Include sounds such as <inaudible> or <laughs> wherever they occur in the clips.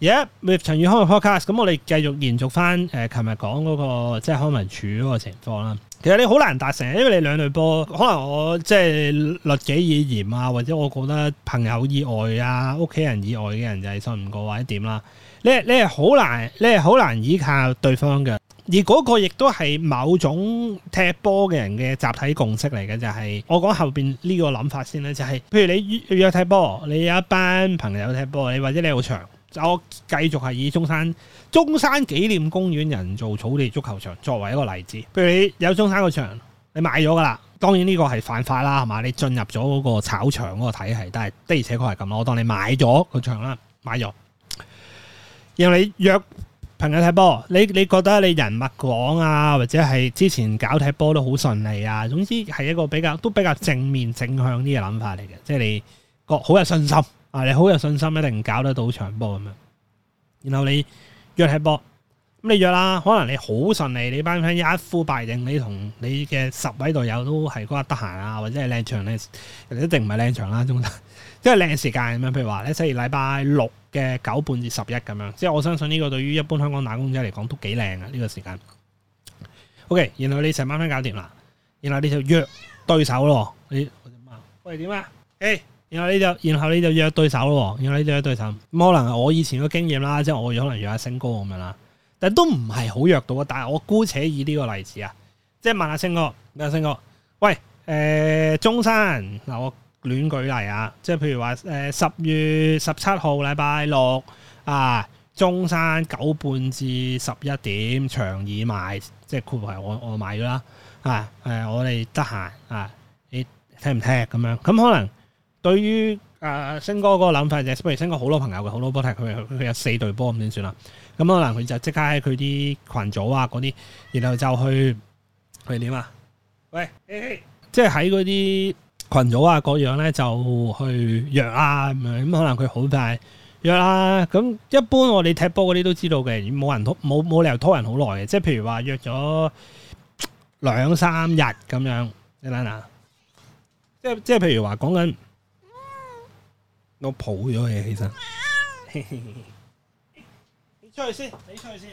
而家、yeah, with 陳宇康 podcast 咁我哋繼續延續翻誒，琴日講嗰個即係康文署嗰個情況啦。其實你好難達成，因為你兩隊波，可能我即係律己以嚴啊，或者我覺得朋友以外啊，屋企人以外嘅人就係信唔過或者點啦。你你係好難，你係好難依靠對方嘅。而嗰個亦都係某種踢波嘅人嘅集體共識嚟嘅，就係、是、我講後邊呢個諗法先啦。就係、是、譬如你約踢波，你有一班朋友踢波，你或者你好長我繼續係以中山中山紀念公園人造草地足球場作為一個例子。譬如你有中山個場，你買咗噶啦，當然呢個係犯法啦，係嘛？你進入咗嗰個炒場嗰個體系，但係的而且確係咁咯。我當你買咗個場啦，買咗，然後你約朋友踢波。你你覺得你人脈廣啊，或者係之前搞踢波都好順利啊，總之係一個比較都比較正面正向啲嘅諗法嚟嘅，即係你個好有信心。啊！你好有信心，一定搞得到場波咁樣。然後你約踢波，咁你約啦。可能你好順利，你班 friend 一呼百應。你同你嘅十位隊友都係嗰個得閒啊，或者係靚場呢，人哋一定唔係靚場啦，中間，即係靚嘅時間咁樣。譬如話你星期禮拜六嘅九半至十一咁樣。即係我相信呢個對於一般香港打工仔嚟講都幾靚嘅呢個時間。OK，然後你成班 friend 搞掂啦，然後你就約對手咯。你喂點啊？誒！欸然後你就，然後你就約對手咯。然後你就約對手，咁可能我以前嘅經驗啦，即係我可能約阿星哥咁樣啦，但都唔係好約到啊。但係我姑且以呢個例子啊，即係問下星哥，問星哥，喂，誒中山，嗱我亂舉例啊，即係譬如話，誒十月十七號禮拜六啊，中山九半至十一點長耳賣，即係括埋我我買咗啦，啊誒我哋得閒啊，你聽唔聽咁樣？咁可能。對於誒、呃、星哥嗰個諗法就係、是，譬如星哥好多朋友嘅，好多波踢，佢佢有四隊波咁點算啦？咁可能佢就即刻喺佢啲群組啊嗰啲，然後就去去點啊？喂，嘿嘿，即係喺嗰啲群組啊各樣咧就去約啊咁，可能佢好快約啦、啊。咁一般我哋踢波嗰啲都知道嘅，冇人拖，冇冇理由拖人好耐嘅，即係譬如話約咗兩三日咁樣，你諗啊？即係即係譬如話講緊。都抱咗你起身，你出去先，你出去先，你出去先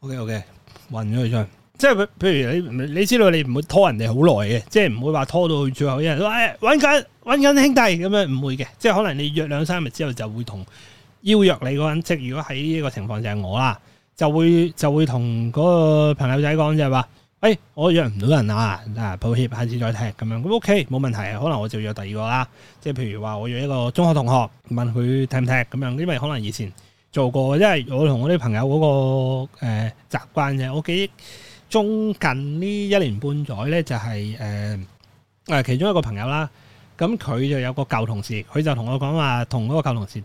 ，OK OK，運咗佢出去，即係譬如你，你知道你唔會拖人哋好耐嘅，即係唔會話拖到去最後一日都誒揾緊揾緊兄弟咁樣唔會嘅，即係可能你約兩三日之後就會同邀約你嗰個人即係，如果喺呢個情況就係我啦，就會就會同嗰個朋友仔講即係話。誒、哎，我約唔到人啊！啊，抱歉，下次再踢咁樣。咁 OK，冇問題。可能我就約第二個啦。即係譬如話，我約一個中學同學，問佢踢唔踢咁樣。因為可能以前做過，因為我同我啲朋友嗰、那個誒習慣嘅，我記憶中近呢一年半載呢、就是，就係誒誒，其中一個朋友啦。咁佢就有個舊同事，佢就同我講話，同嗰個舊同事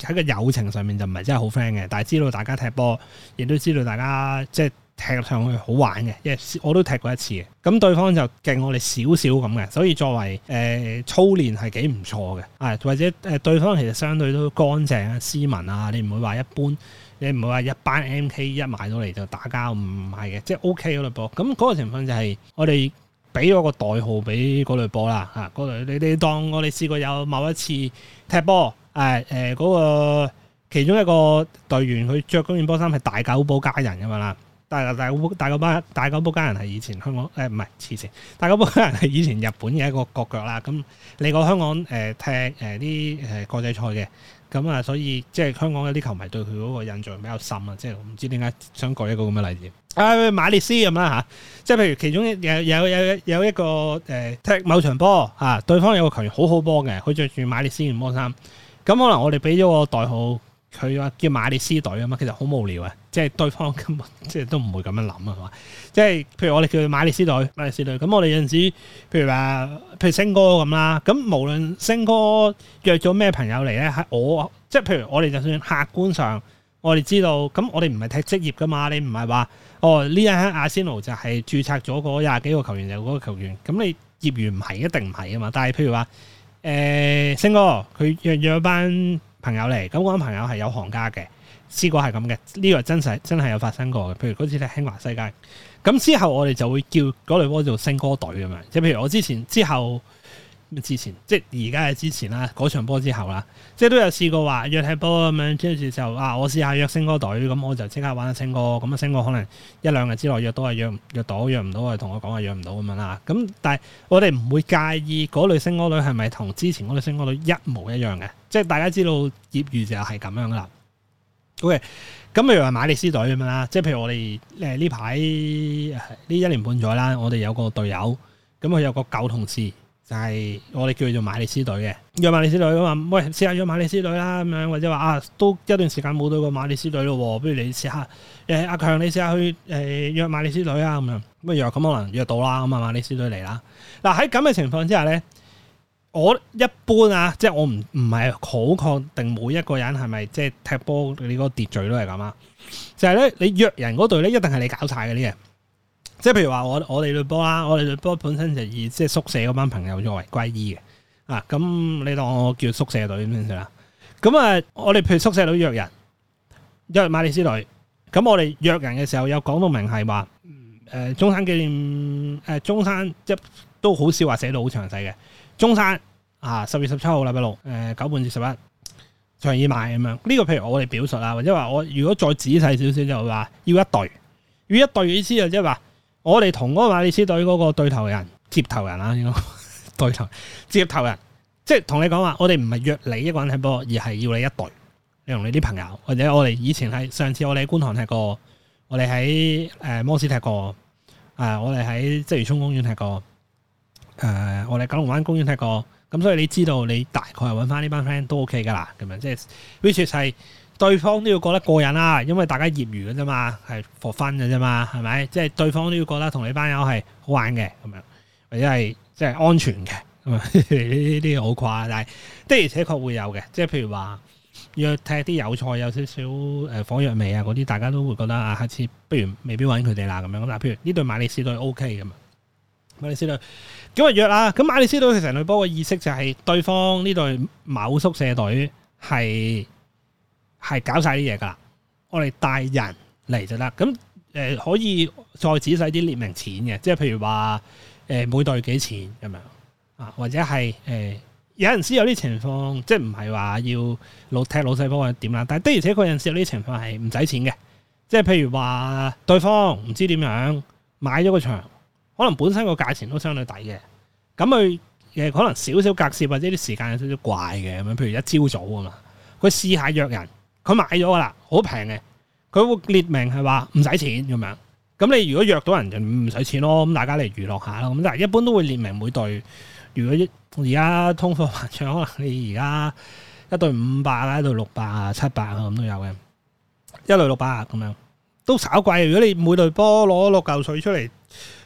喺個友情上面就唔係真係好 friend 嘅，但係知道大家踢波，亦都知道大家即係。就是踢上去好玩嘅，我都踢過一次嘅。咁對方就勁我哋少少咁嘅，所以作為、呃、操練係幾唔錯嘅。啊，或者誒、呃、對方其實相對都乾淨啊、斯文啊，你唔會話一般，你唔會話一班 M.K. 一買到嚟就打交，唔係嘅，即係 O.K. 嗰類波。咁嗰個情況就係我哋俾咗個代號俾嗰類波啦。吓，嗰類、你哋當我哋試過有某一次踢波，嗰、啊呃嗰個其中一個隊員佢着嗰件波衫係大狗波家人咁樣啦。但係大個大個班大個波家人係以前香港誒，唔係以前，大個波家人係以前日本嘅一個國腳啦，咁嚟過香港誒、呃、踢誒啲誒國際賽嘅，咁啊所以即係香港有啲球迷對佢嗰個印象比較深啊，啊，即係唔知點解想舉一個咁嘅例子，誒馬列斯咁啦嚇，即係譬如其中有有有有一個誒、呃、踢某場波嚇、啊，對方有個球員好好波嘅，佢着住馬列斯嘅波衫，咁可能我哋俾咗個代號。佢話叫馬列 C 隊啊嘛，其實好無聊啊！即係對方根本即係都唔會咁樣諗啊嘛！即係譬如我哋叫佢馬列 C 隊，馬列 C 隊咁，我哋有陣時譬如話，譬如星哥咁啦，咁無論星哥約咗咩朋友嚟咧，係我即係譬如我哋就算客觀上，我哋知道，咁我哋唔係踢職業噶嘛，你唔係話哦呢一刻阿仙奴就係註冊咗嗰廿幾個球員就嗰個球員，咁你業餘唔係一定唔係啊嘛，但係譬如話、欸、星哥佢約約班。朋友嚟，咁嗰班朋友係有行家嘅，試過係咁嘅，呢、呢個真實真係有發生過嘅。譬如嗰次咧，興華世界，咁之後我哋就會叫嗰類波做星歌隊咁樣，即係譬如我之前之後。之前即係而家嘅之前啦，嗰場波之後啦，即係都有試過話約踢波咁樣，跟住就啊，我試下約星哥隊，咁我就即刻玩下星哥，咁啊星哥可能一兩日之內約到啊約約到，約唔到啊同我講話約唔到咁樣啦。咁但係我哋唔會介意嗰類星哥隊係咪同之前嗰類星哥隊一模一樣嘅，即係大家知道業餘就係咁樣㗎啦。O K，咁譬如話馬列 C 隊咁樣啦，即係譬如我哋誒呢排呢一年半載啦，我哋有個隊友，咁佢有個舊同事。就係我哋叫佢做馬列 C 隊嘅，約馬列 C 隊啊嘛，喂，試下約馬列 C 隊啦，咁樣或者話啊，都一段時間冇到過馬列 C 隊咯，不如你試下，誒、啊，阿強你試下去誒、呃、約馬列 C 隊啊，咁樣咁約咁可能約到啦，咁啊馬列 C 隊嚟啦。嗱喺咁嘅情況之下咧，我一般啊，即、就、係、是、我唔唔係好確定每一個人係咪即係踢波你嗰個秩序都係咁啊，就係、是、咧你約人嗰隊咧一定係你搞晒嘅呢嘢。即係譬如話我我哋隊波啦，我哋隊波本身就以即係宿舍嗰班朋友作為歸依嘅啊，咁你當我叫宿舍隊點算啦？咁啊，我哋譬如宿舍隊約人，因為馬利斯隊，咁我哋約人嘅時候有講到明係話，誒中山紀念誒中山即都好少話寫到好詳細嘅中山啊，十月十七號禮拜六誒九半至十一長已賣咁樣。呢、這個譬如我哋表述啦，或者話我如果再仔細少少就話要一隊，要一隊意思就即係話。我哋同嗰個馬列 C 隊嗰個對頭人接頭人啦、啊，應該對頭接頭人，即係同你講話，我哋唔係約你一個人踢波，而係要你一隊，你同你啲朋友，或者我哋以前係上次我哋喺觀塘踢過，我哋喺誒摩斯踢過，我哋喺鰂魚涌公園踢過，誒我哋九龍灣公園踢過，咁所以你知道你大概係揾翻呢班 friend 都 OK 噶啦，咁樣即係 which 係。對方都要覺得過癮啦，因為大家業餘嘅啫嘛，係 for fun 嘅啫嘛，係咪？即係對方都要覺得同你班友係好玩嘅咁樣，或者係即係安全嘅咁啊！呢啲好誇，但係的而且確會有嘅。即係譬如話約踢啲有菜有少少誒火藥味啊嗰啲，大家都會覺得啊，下次不如未必揾佢哋啦咁樣。嗱，譬如呢隊馬列 C 隊 O K 咁嘛。馬列 C 隊咁啊約啊，咁馬列 C 隊其實佢波嘅意識就係對方呢隊某宿舍隊係。係搞晒啲嘢噶啦，我哋帶人嚟就得，咁誒、呃、可以再仔細啲列明錢嘅，即係譬如話誒、呃、每隊幾錢咁樣啊，或者係誒、呃、有陣時有啲情況，即係唔係話要老踢老細波啊點啦，但係的而且確有陣時有啲情況係唔使錢嘅，即係譬如話對方唔知點樣買咗個場，可能本身個價錢都相對抵嘅，咁佢誒可能少少格時或者啲時間有少少怪嘅，咁樣譬如一朝早啊嘛，佢試下約人。佢買咗噶啦，好平嘅。佢會列明係話唔使錢咁樣。咁你如果約到人就唔使錢咯。咁大家嚟娛樂一下咯。咁但係一般都會列明每隊，如果而家通貨膨脹，可能你而家一隊五百啊，一隊六百啊，七百啊咁都有嘅。一隊六百咁樣都稍貴。如果你每隊波攞六嚿水出嚟，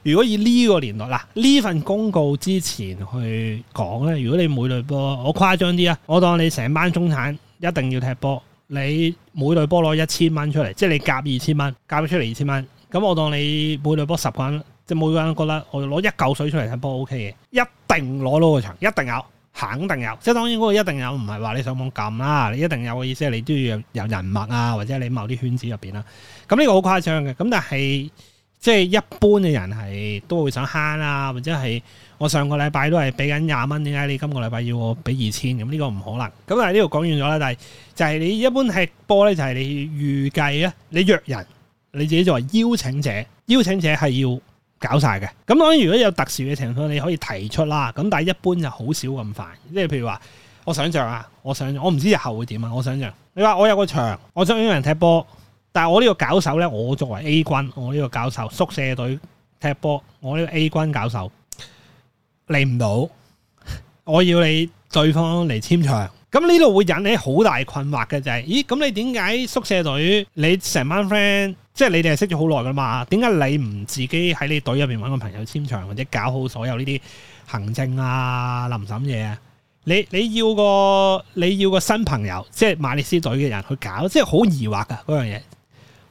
如果以呢個年代啦呢份公告之前去講咧，如果你每隊波我誇張啲啊，我當你成班中產一定要踢波。你每隊波攞一千蚊出嚟，即係你夾二千蚊，夾咗出嚟二千蚊，咁我當你每隊波十個人，即係每個人覺得我攞一嚿水出嚟踢波 OK 嘅，一定攞到個場，一定有，肯定有，即係當然嗰個一定有，唔係話你上網撳啦，你一定有嘅意思係你都要有人脈啊，或者你某啲圈子入面啦，咁呢個好誇張嘅，咁但係。即係一般嘅人係都會想慳啦、啊，或者係我上個禮拜都係俾緊廿蚊點解你今個禮拜要我俾二千咁呢個唔可能。咁但係呢度講完咗啦，但係就係你一般踢波呢，就係你預計啊，你約人，你自己作為邀請者，邀請者係要搞晒嘅。咁當然如果有特殊嘅情況，你可以提出啦。咁但係一般就好少咁煩。即係譬如話，我想象啊，我想象，我唔知日後會點啊，我想象。你話我有個場，我想邀人踢波。但係我呢個搞手呢，我作為 A 軍，我呢個搞手，宿舍隊踢波，我呢個 A 軍搞手，嚟唔到，我要你對方嚟簽場。咁呢度會引起好大困惑嘅就係，咦咁你點解宿舍隊你成班 friend，即係你哋係識咗好耐噶嘛？點解你唔自己喺你隊入邊揾個朋友簽場或者搞好所有呢啲行政啊、臨審嘢？你你要個你要個新朋友，即係馬列 C 隊嘅人去搞，即係好疑惑噶嗰樣嘢。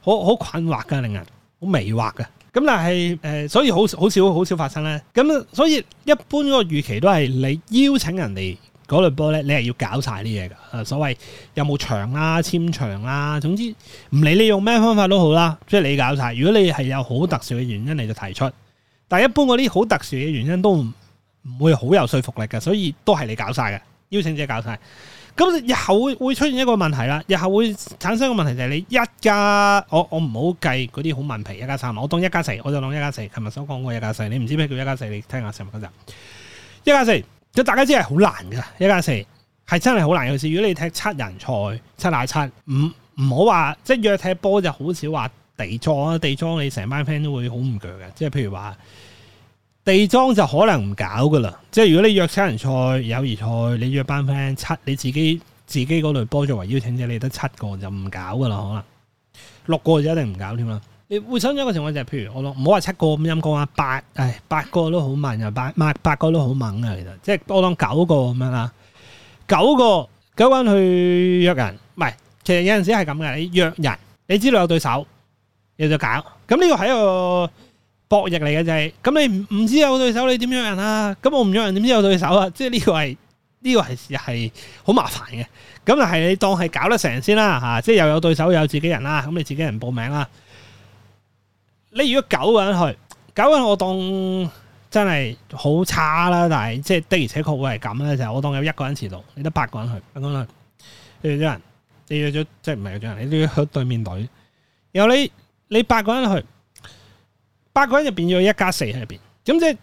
好好困惑噶，令人好迷惑噶。咁但係誒、呃，所以好好少好少發生咧。咁所以一般嗰個預期都係你邀請人哋嗰類波咧，你係要搞晒啲嘢噶。所謂有冇場啊、簽場啊，總之唔理你用咩方法都好啦，即係你搞晒。如果你係有好特殊嘅原因你就提出，但係一般嗰啲好特殊嘅原因都唔會好有說服力嘅，所以都係你搞晒嘅邀請者搞晒。咁日後會出現一個問題啦，日後會產生一個問題就係你一加，我我唔好計嗰啲好問題一加三，我當一加四，我就當一加四。琴日所講過一加四，你唔知咩叫一加四，你聽下成日嗰陣一加四，就大家知係好難噶，一加四係真係好難。尤其是如果你踢七人賽、七打七，唔唔好話即係約踢波就好少話地裝啊地裝，地裝你成班 friend 都會好唔強嘅，即係譬如話。地莊就可能唔搞噶啦，即係如果你約七人賽、友誼賽，你約班 friend 七，你自己自己嗰隊波作為邀請者，你得七個就唔搞噶啦，可能六個就一定唔搞添啦。你會想一個情況就係、是，譬如我諗，唔好話七個咁陰功啊，八，唉，八個都好猛，啊八八個都好猛啊，其實即係我當九個咁樣啦，九個九個人去約人，唔係，其實有陣時係咁嘅，你約人，你知道有對手你就搞，咁呢個係個。博弈嚟嘅就係、是，咁你唔唔知有對手你點樣人啊？咁我唔約人點知有對手啊？即係呢個係呢、這個係係好麻煩嘅。咁但係你當係搞得成先啦、啊、吓、啊，即係又有對手又有自己人啦、啊。咁你自己人報名啦、啊。你如果九個人去，九個人我當真係好差啦。但係即係的而且確會係咁啦。就是、我當有一個人遲到，你得八個人去，人去，你約咗人，你約咗即係唔係約咗人，你都要去對面隊。然後你你八個人去。八個人就變咗一加四喺入邊，咁即係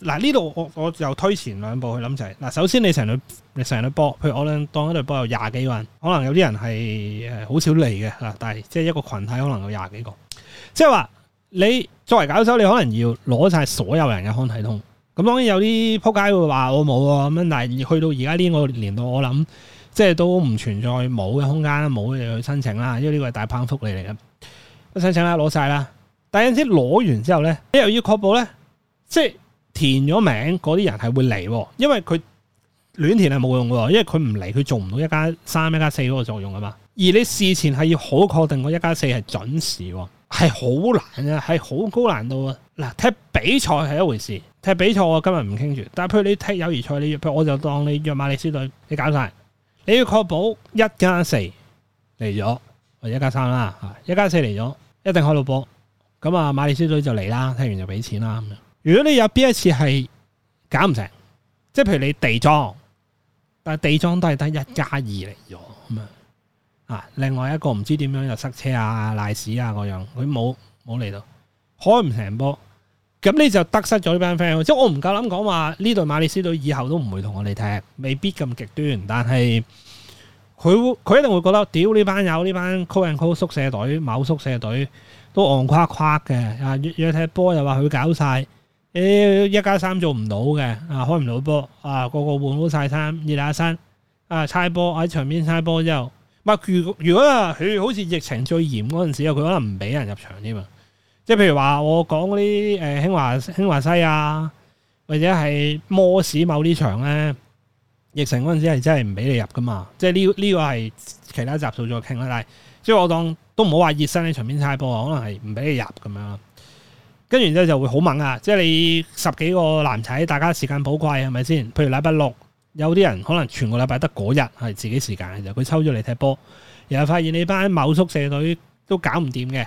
嗱呢度我我又推前兩步去諗就係嗱，首先你成日你成對波，譬如當一隊波有廿幾個人，可能有啲人係誒好少嚟嘅吓，但係即係一個群體可能有廿幾個，即係話你作為搞手，你可能要攞晒所有人嘅康體通，咁當然有啲仆街會話我冇喎咁樣，但係去到而家呢個年度，我諗即係都唔存在冇嘅空間冇嘅去申請啦，因為呢個係大棒福利嚟嘅，申請啦，攞晒啦。但係嗰陣時攞完之後咧，你又要確保咧，即係填咗名嗰啲人係會嚟，因為佢亂填係冇用喎，因為佢唔嚟佢做唔到一加三一加四嗰個作用啊嘛。而你事前係要好確定個一加四係準時，係好難呀，係好高難度啊。嗱，踢比賽係一回事，踢比賽我今日唔傾住。但係譬如你踢友誼賽，你約我就當你約馬列 C 隊，你搞晒，你要確保一加四嚟咗，或者一加三啦，一加四嚟咗一定開到波。咁啊，馬列 C 隊就嚟啦，踢完就俾錢啦咁樣。如果你有邊一次係搞唔成，即係譬如你地裝，但係地裝都係得一加二嚟咗咁樣。啊，另外一個唔知點樣又塞車啊、瀨屎啊嗰樣，佢冇冇嚟到，開唔成波，咁你就得失咗呢班 friend。即係我唔夠膽講話呢隊馬列 C 隊以後都唔會同我哋踢，未必咁極端，但係佢佢一定會覺得屌呢班友呢班 co and co 宿舍隊、某宿舍隊。都戇夸夸嘅，啊！一踢波又話佢搞曬，誒一加三做唔到嘅，啊開唔到波，啊個個換好曬衫。熱下身，啊猜波喺場邊猜波之後，如如果啊，佢好似疫情最嚴嗰陣時啊，佢可能唔俾人入場添嘛。即係譬如話我講嗰啲誒興華興華西啊，或者係摩士某啲場咧，疫情嗰陣時係真係唔俾你入噶嘛，即係呢呢個係其他集數再傾啦，但係即係我當都唔好話熱身喺場面太波可能係唔俾你入咁樣。跟住之後就會好猛啊！即係你十幾個男仔，大家時間寶貴係咪先？譬如禮拜六，有啲人可能全個禮拜得嗰日係自己時間嘅，就佢抽咗你踢波，然後發現你班某宿舍隊都搞唔掂嘅，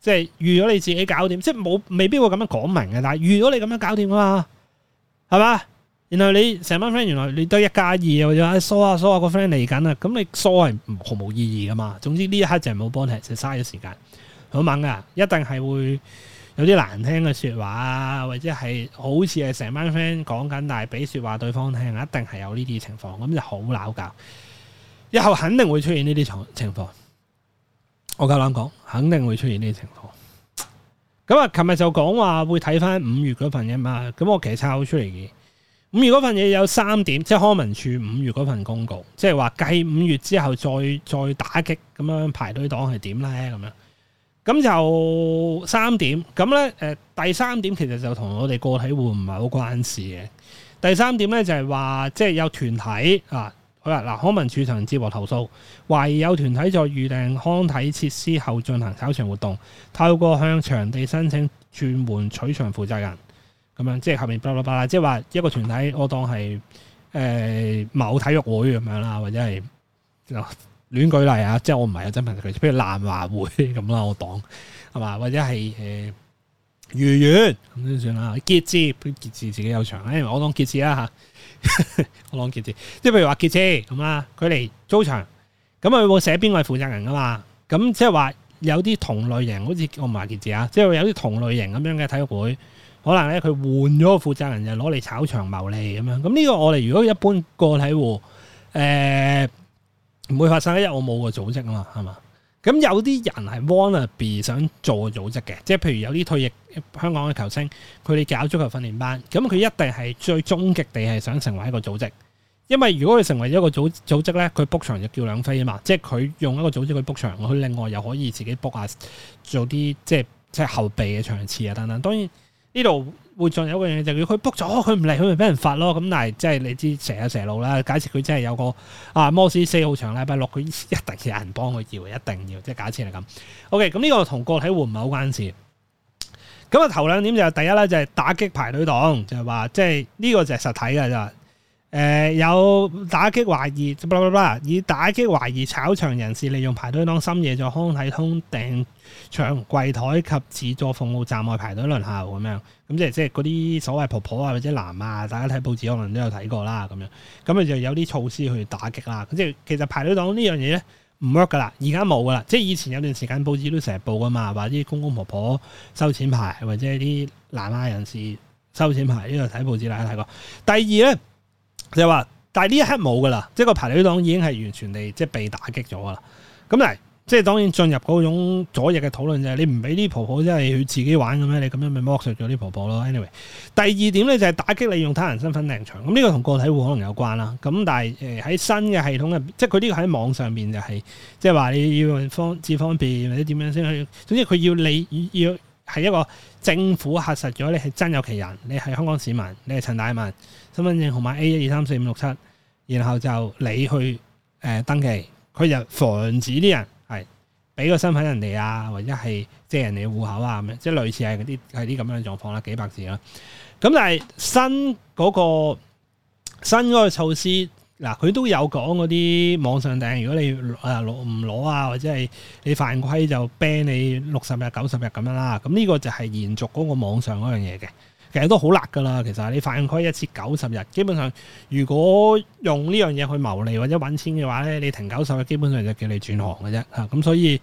即係預咗你自己搞掂，即係冇未必會咁樣講明嘅，但係預咗你咁樣搞掂啊嘛，係嘛？然後你成班 friend 原來你都一加二或者梳下梳下個 friend 嚟緊啦，咁、哎啊啊、你疏係毫無意義噶嘛，總之呢一刻就係冇幫你，就嘥、是、咗時間。好猛啊！一定係會有啲難聽嘅説話啊，或者係好似係成班 friend 講緊，但係俾説話對方話聽，一定係有呢啲情況，咁就好鬧交。以後肯定會出現呢啲情情況，我夠膽講，肯定會出現呢啲情況。咁啊，琴日就講話會睇翻五月嗰份嘢嘛？咁我其實抄出嚟嘅。咁五月份嘢有三點，即係康文署五月嗰份公告，即係話計五月之後再再打擊咁樣排隊黨係點咧？咁樣咁就三點，咁咧，誒、呃、第三點其實就同我哋個體戶唔係好關事嘅。第三點咧就係、是、話即係有團體啊，好啦嗱，康文署曾接獲投訴，懷疑有團體在預訂康體設施後進行炒場活動，透過向場地申請轉換取場負責人。咁樣即係後面巴啦巴啦，即係話一個團體，我當係誒、呃、某體育會咁樣啦，或者係亂舉例啊，即係我唔係有真問題，譬如南華會咁啦，我當係嘛，或者係誒愉園咁先算啦，傑志，傑志自己有場，因為我當傑志啦吓，我當傑志、啊， <laughs> 即係譬如話傑志咁啊，佢嚟租場，咁佢會寫邊位負責人噶嘛，咁即係話有啲同類型，好似我唔係傑志啊，即係有啲同類型咁樣嘅體育會。可能咧佢換咗個負責人就攞嚟炒場牟利咁樣，咁呢個我哋如果一般個體戶誒唔會發生嘅，我冇個組織啊嘛，係嘛？咁有啲人係 wanna be 想做個組織嘅，即係譬如有啲退役香港嘅球星，佢哋搞足球訓練班，咁佢一定係最終極地係想成為一個組織，因為如果佢成為一個組組織咧，佢 book 場就叫兩飛啊嘛，即係佢用一個組織去 book 場，佢另外又可以自己 book 下做啲即係即係後備嘅場次啊等等，當然。呢度會仲有樣嘢，就叫佢 book 咗，佢唔嚟，佢咪俾人罰咯。咁但係即係你知蛇有蛇路啦，假設佢真係有個啊，摩斯四號場禮拜六，佢一定要有人幫佢要，一定要。即係假設係咁。O K，咁呢個同國體會唔係好關事。咁啊，頭兩點就係、第一咧，就係打擊排隊黨，就係話即係呢個就係實體㗎咋。誒、呃、有打擊懷疑，blah blah blah, 以打擊懷疑炒場人士，利用排隊黨深夜在康體通訂場櫃台及自助服務站外排隊輪候咁樣，咁即係即係嗰啲所謂婆婆啊或者南亞啊，大家睇報紙可能都有睇過啦咁樣，咁你就有啲措施去打擊啦。咁即係其實排隊黨呢樣嘢咧唔 work 噶啦，而家冇噶啦，即係以前有段時間報紙都成日報噶嘛，話啲公公婆婆收錢排或者啲南亞啊人士收錢排，呢度睇報紙大家睇過。第二咧。就話，但係呢一刻冇噶啦，即係個排隊黨已經係完全地即係被打擊咗噶啦。咁嚟，即係當然進入嗰種左翼嘅討論就係你唔俾啲婆婆即係去自己玩嘅咩？你咁樣咪剝削咗啲婆婆咯。anyway，第二點咧就係、是、打擊利用他人身份掟場，咁呢個同個體戶可能有關啦。咁但係誒喺新嘅系統入，即係佢呢個喺網上面、就是，就係即係話你要方至方便或者點樣先去，總之佢要你要。要係一個政府核實咗你係真有其人，你係香港市民，你係陳大文，身份證號碼 A 一二三四五六七，然後就你去誒登記，佢就防止啲人係俾個身份人哋啊，或者係借人哋嘅戶口啊咁樣，即係類似係啲係啲咁樣嘅狀況啦，幾百字啦。咁但係新嗰個新嗰個措施。嗱，佢都有講嗰啲網上訂，如果你誒攞唔攞啊，或者係你犯規就 ban 你六十日、九十日咁樣啦。咁呢個就係延續嗰個網上嗰樣嘢嘅，其實都好辣噶啦。其實你犯規一次九十日，基本上如果用呢樣嘢去牟利或者搵錢嘅話呢，你停九十日，基本上就叫你轉行嘅啫。嚇，咁所以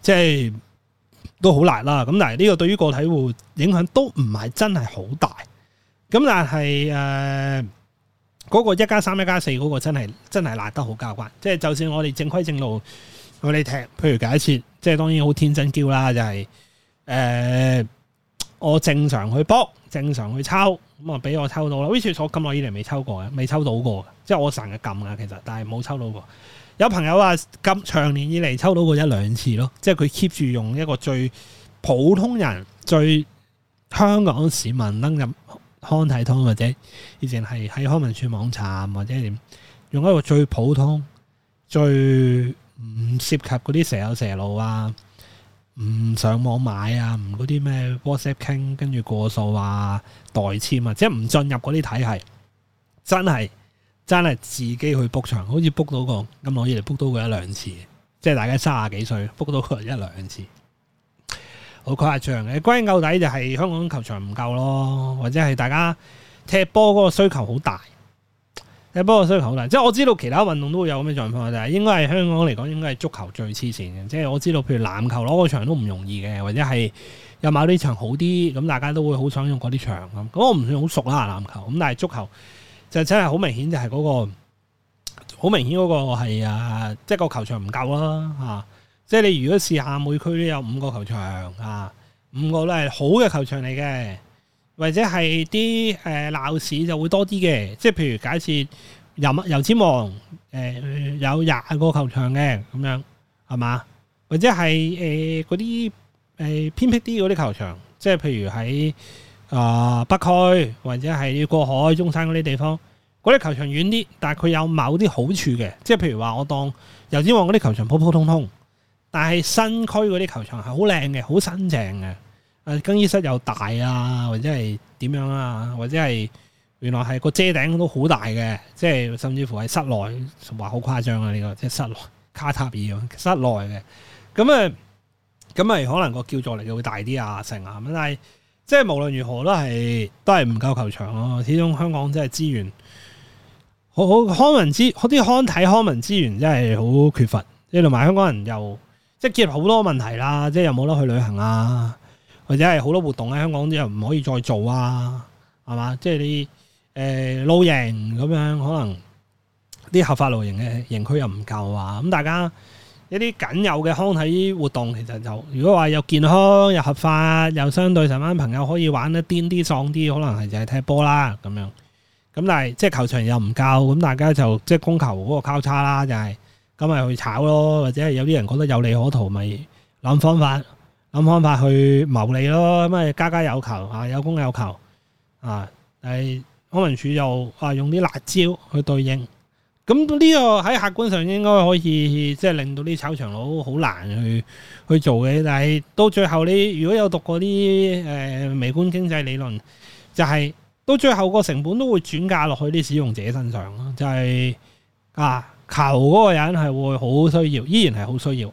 即係都好辣啦。咁但係呢個對於個體戶影響都唔係真係好大。咁但係誒。呃嗰個一加三一加四嗰個真係真係辣得好交關，即係就算我哋正規正路我哋踢，譬如假設，即係當然好天真嬌啦，就係誒我正常去博，正常去抽，咁啊俾我抽到啦。好似坐咁耐以嚟未抽過嘅，未抽到過嘅，即係我成日撳嘅其實，但係冇抽到過。有朋友話，咁長年以嚟抽到過一兩次咯，即係佢 keep 住用一個最普通人、最香港市民登入。康體通或者以前係喺康文署網查或者用一個最普通、最唔涉及嗰啲蛇友蛇路啊，唔上網買啊，唔嗰啲咩 WhatsApp 傾，跟住過數啊、代簽啊，即係唔進入嗰啲體系，真係真係自己去 book 場，好似 book 到個咁我以嚟 book 到佢一兩次，即係大概三十幾歲 book 到佢一兩次。好誇張嘅，歸根究底就係香港球場唔夠咯，或者係大家踢波嗰個需求好大，踢波個需求好大。即係我知道其他運動都會有咁嘅狀況，就係應該係香港嚟講應該係足球最黐線嘅。即係我知道，譬如籃球攞個場都唔容易嘅，或者係有某啲場好啲，咁大家都會好想用嗰啲場咁。咁我唔算好熟啦，籃球，咁但係足球就真係好明顯就係嗰、嗰個好明顯嗰個係啊，即係個球場唔夠啦嚇即係你如果試下，每區都有五個球場啊，五個都係好嘅球場嚟嘅，或者係啲誒鬧市就會多啲嘅。即係譬如假設油油尖旺誒、呃、有廿個球場嘅咁樣，係嘛？或者係誒嗰啲誒偏僻啲嗰啲球場，即係譬如喺啊、呃、北區或者係要過海中山嗰啲地方，嗰啲球場遠啲，但係佢有某啲好處嘅。即係譬如話，我當油尖旺嗰啲球場普普通通。但係新區嗰啲球場係好靚嘅，好新淨嘅。誒更衣室又大啊，或者係點樣啊，或者係原來係個遮頂都好大嘅，即係甚至乎係室內，話好誇張啊！呢、呢個即係室內卡塔爾咁，室內嘅咁啊，咁咪可能個叫座力就會大啲啊，成啊咁，但係即係無論如何都係都係唔夠球場咯、啊。始終香港即係資源好好康文資，啲康體康文資源真係好缺乏。即係同埋香港人又。即係好多問題啦，即係又冇得去旅行啊，或者係好多活動喺香港又唔可以再做啊，係嘛？即係你誒、呃、露營咁樣，可能啲合法露營嘅營區又唔夠啊。咁大家一啲僅有嘅康體活動，其實就如果話又健康又合法又相對，成班朋友可以玩得癲啲爽啲，可能係就係踢波啦咁樣。咁但係即係球場又唔夠，咁大家就即係供求嗰個交叉啦，就係、是。咁咪去炒咯，或者係有啲人覺得有利可圖，咪諗方法、諗方法去謀利咯。咁咪家家有求啊，有供有求啊。但係康文署又話用啲辣椒去對應，咁呢個喺客觀上應該可以即係、就是、令到啲炒場佬好難去去做嘅。但係到最後你，你如果有讀過啲、呃、微觀經濟理論，就係、是、到最後個成本都會轉嫁落去啲使用者身上咯。就係、是、啊～求嗰個人係會好需要，依然係好需要。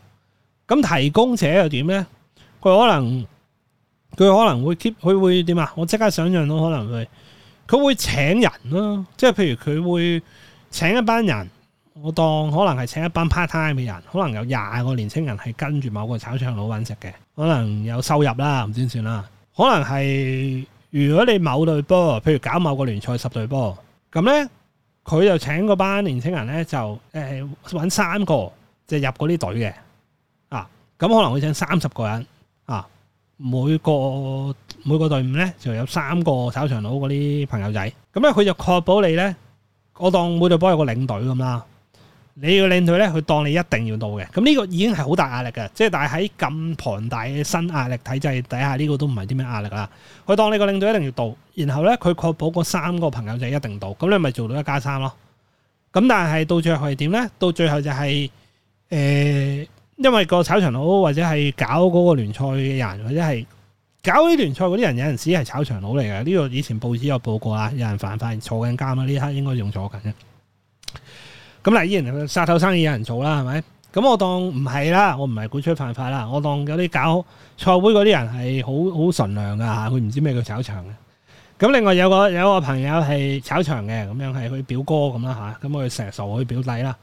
咁提供者又點呢？佢可能佢可能會 keep，佢會點啊？我即刻想象到可能會，佢會請人咯、啊。即係譬如佢會請一班人，我當可能係請一班 part time 嘅人，可能有廿個年青人係跟住某個炒場佬揾食嘅，可能有收入啦，唔知算啦。可能係如果你某隊波，譬如搞某個聯賽十隊波，咁呢。佢就請嗰班年青人呢，就誒揾、欸、三個就是、入嗰啲隊嘅啊，咁可能會請三十個人啊，每個每個隊伍呢，就有三個炒場佬嗰啲朋友仔，咁咧佢就確保你呢，我當每隊波有個領隊咁啦。你要領隊咧，佢當你一定要到嘅。咁呢個已經係好大壓力嘅。即係，但係喺咁龐大嘅新壓力體制底下，呢、這個都唔係啲咩壓力啦。佢當你個領隊一定要到，然後咧佢確保個三個朋友就一定到。咁你咪做到一加三咯。咁但係到最後係點咧？到最後就係、是、誒、呃，因為那個炒場佬或者係搞嗰個聯賽嘅人，或者係搞啲聯賽嗰啲人，有陣時係炒場佬嚟嘅。呢個以前報紙有報過啦，有人犯法坐緊監啦，呢刻應該用坐緊啫。咁嗱，依然殺頭生意有人做啦，係咪？咁我當唔係啦，我唔係鼓吹犯法啦。我當有啲搞賽會嗰啲人係好好純良噶嚇，佢唔知咩叫炒場嘅。咁另外有個有個朋友係炒場嘅，咁樣係佢表哥咁啦嚇，咁佢成日傻佢表弟啦。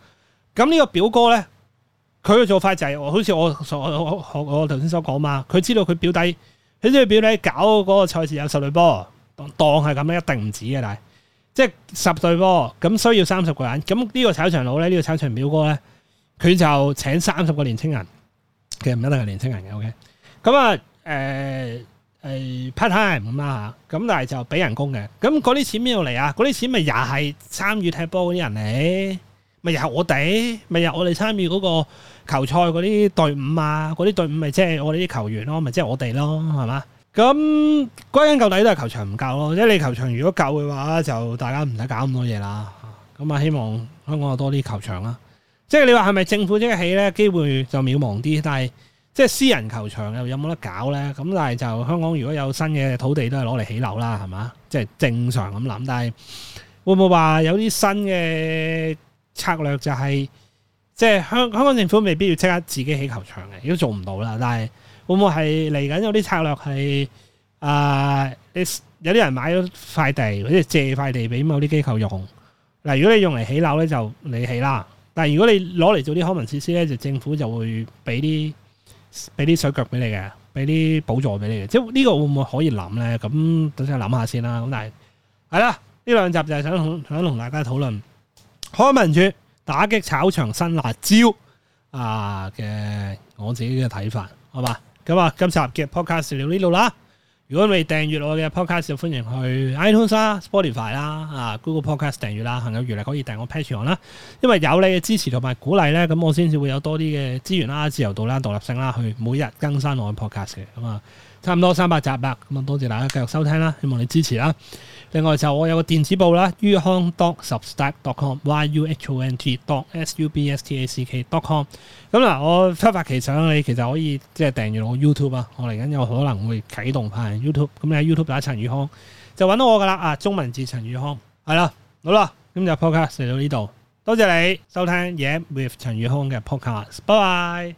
咁呢個表哥咧，佢嘅做法就係、是、好似我我我頭先所講嘛，佢知道佢表弟，佢知佢表弟搞嗰個賽事有十粒波，當當係咁啦，一定唔止嘅啦。但即係十隊波，咁需要三十個人。咁呢個炒場佬咧，呢、呢個炒場表哥咧，佢就請三十個年青人。其實唔一定係年青人嘅，OK。咁、呃、啊，誒 part time 啦嚇。咁但係就俾人工嘅。咁嗰啲錢邊度嚟啊？嗰啲錢咪又係參與踢波嗰啲人嚟，咪又係我哋，咪又我哋參與嗰個球賽嗰啲隊伍啊，嗰啲隊伍咪即係我哋啲球員、就是、咯，咪即係我哋咯，係嘛？咁歸根究底都係球場唔夠咯，即係你球場如果夠嘅話，就大家唔使搞咁多嘢啦。咁啊，希望香港有多啲球場啦。即係你話係咪政府即刻起呢？機會就渺茫啲。但係即係私人球場有冇得搞呢？咁但係就香港如果有新嘅土地都係攞嚟起樓啦，係嘛？即係正常咁諗。但係會唔會話有啲新嘅策略，就係即係香香港政府未必要即刻自己起球場嘅，如果做唔到啦。但係。會唔會係嚟緊有啲策略係啊、呃？你有啲人買咗塊地，或者借塊地俾某啲機構用。嗱、啊，如果你用嚟起樓咧，就你起啦。但係如果你攞嚟做啲康文設施咧，就政府就會俾啲俾啲水腳俾你嘅，俾啲補助俾你嘅。即係呢個會唔會可以諗咧？咁等陣諗下先啦。咁但係係啦，呢兩集就係想想同大家討論康文署打擊炒場新辣招啊嘅我自己嘅睇法，好嘛？咁啊，今集嘅 podcast 就到呢度啦。如果未訂閱我嘅 podcast，就歡迎去 iTunes 啦、Spotify 啦、啊 Google Podcast 訂閱啦，還有有餘力可以訂我 Patreon 啦。因為有你嘅支持同埋鼓勵咧，咁我先至會有多啲嘅資源啦、自由度啦、獨立性啦，去每日更新我嘅 podcast 嘅。咁啊，差唔多三百集啦。咁啊，多謝大家繼續收聽啦，希望你支持啦。另外就我有個電子報啦，yuhong.substack.com，y u h o n g dot s u b s t a c k dot com。咁嗱，我出發期上你其實可以即係訂閱我 YouTube 啊，我嚟緊有可能會啟動返 YouTube。咁你喺 YouTube 打陳宇康就揾到我噶啦，啊中文字陳宇康，係啦，好啦，咁就 podcast 嚟到呢度，多謝你收聽《嘢 with 陳宇康》嘅 podcast，拜拜。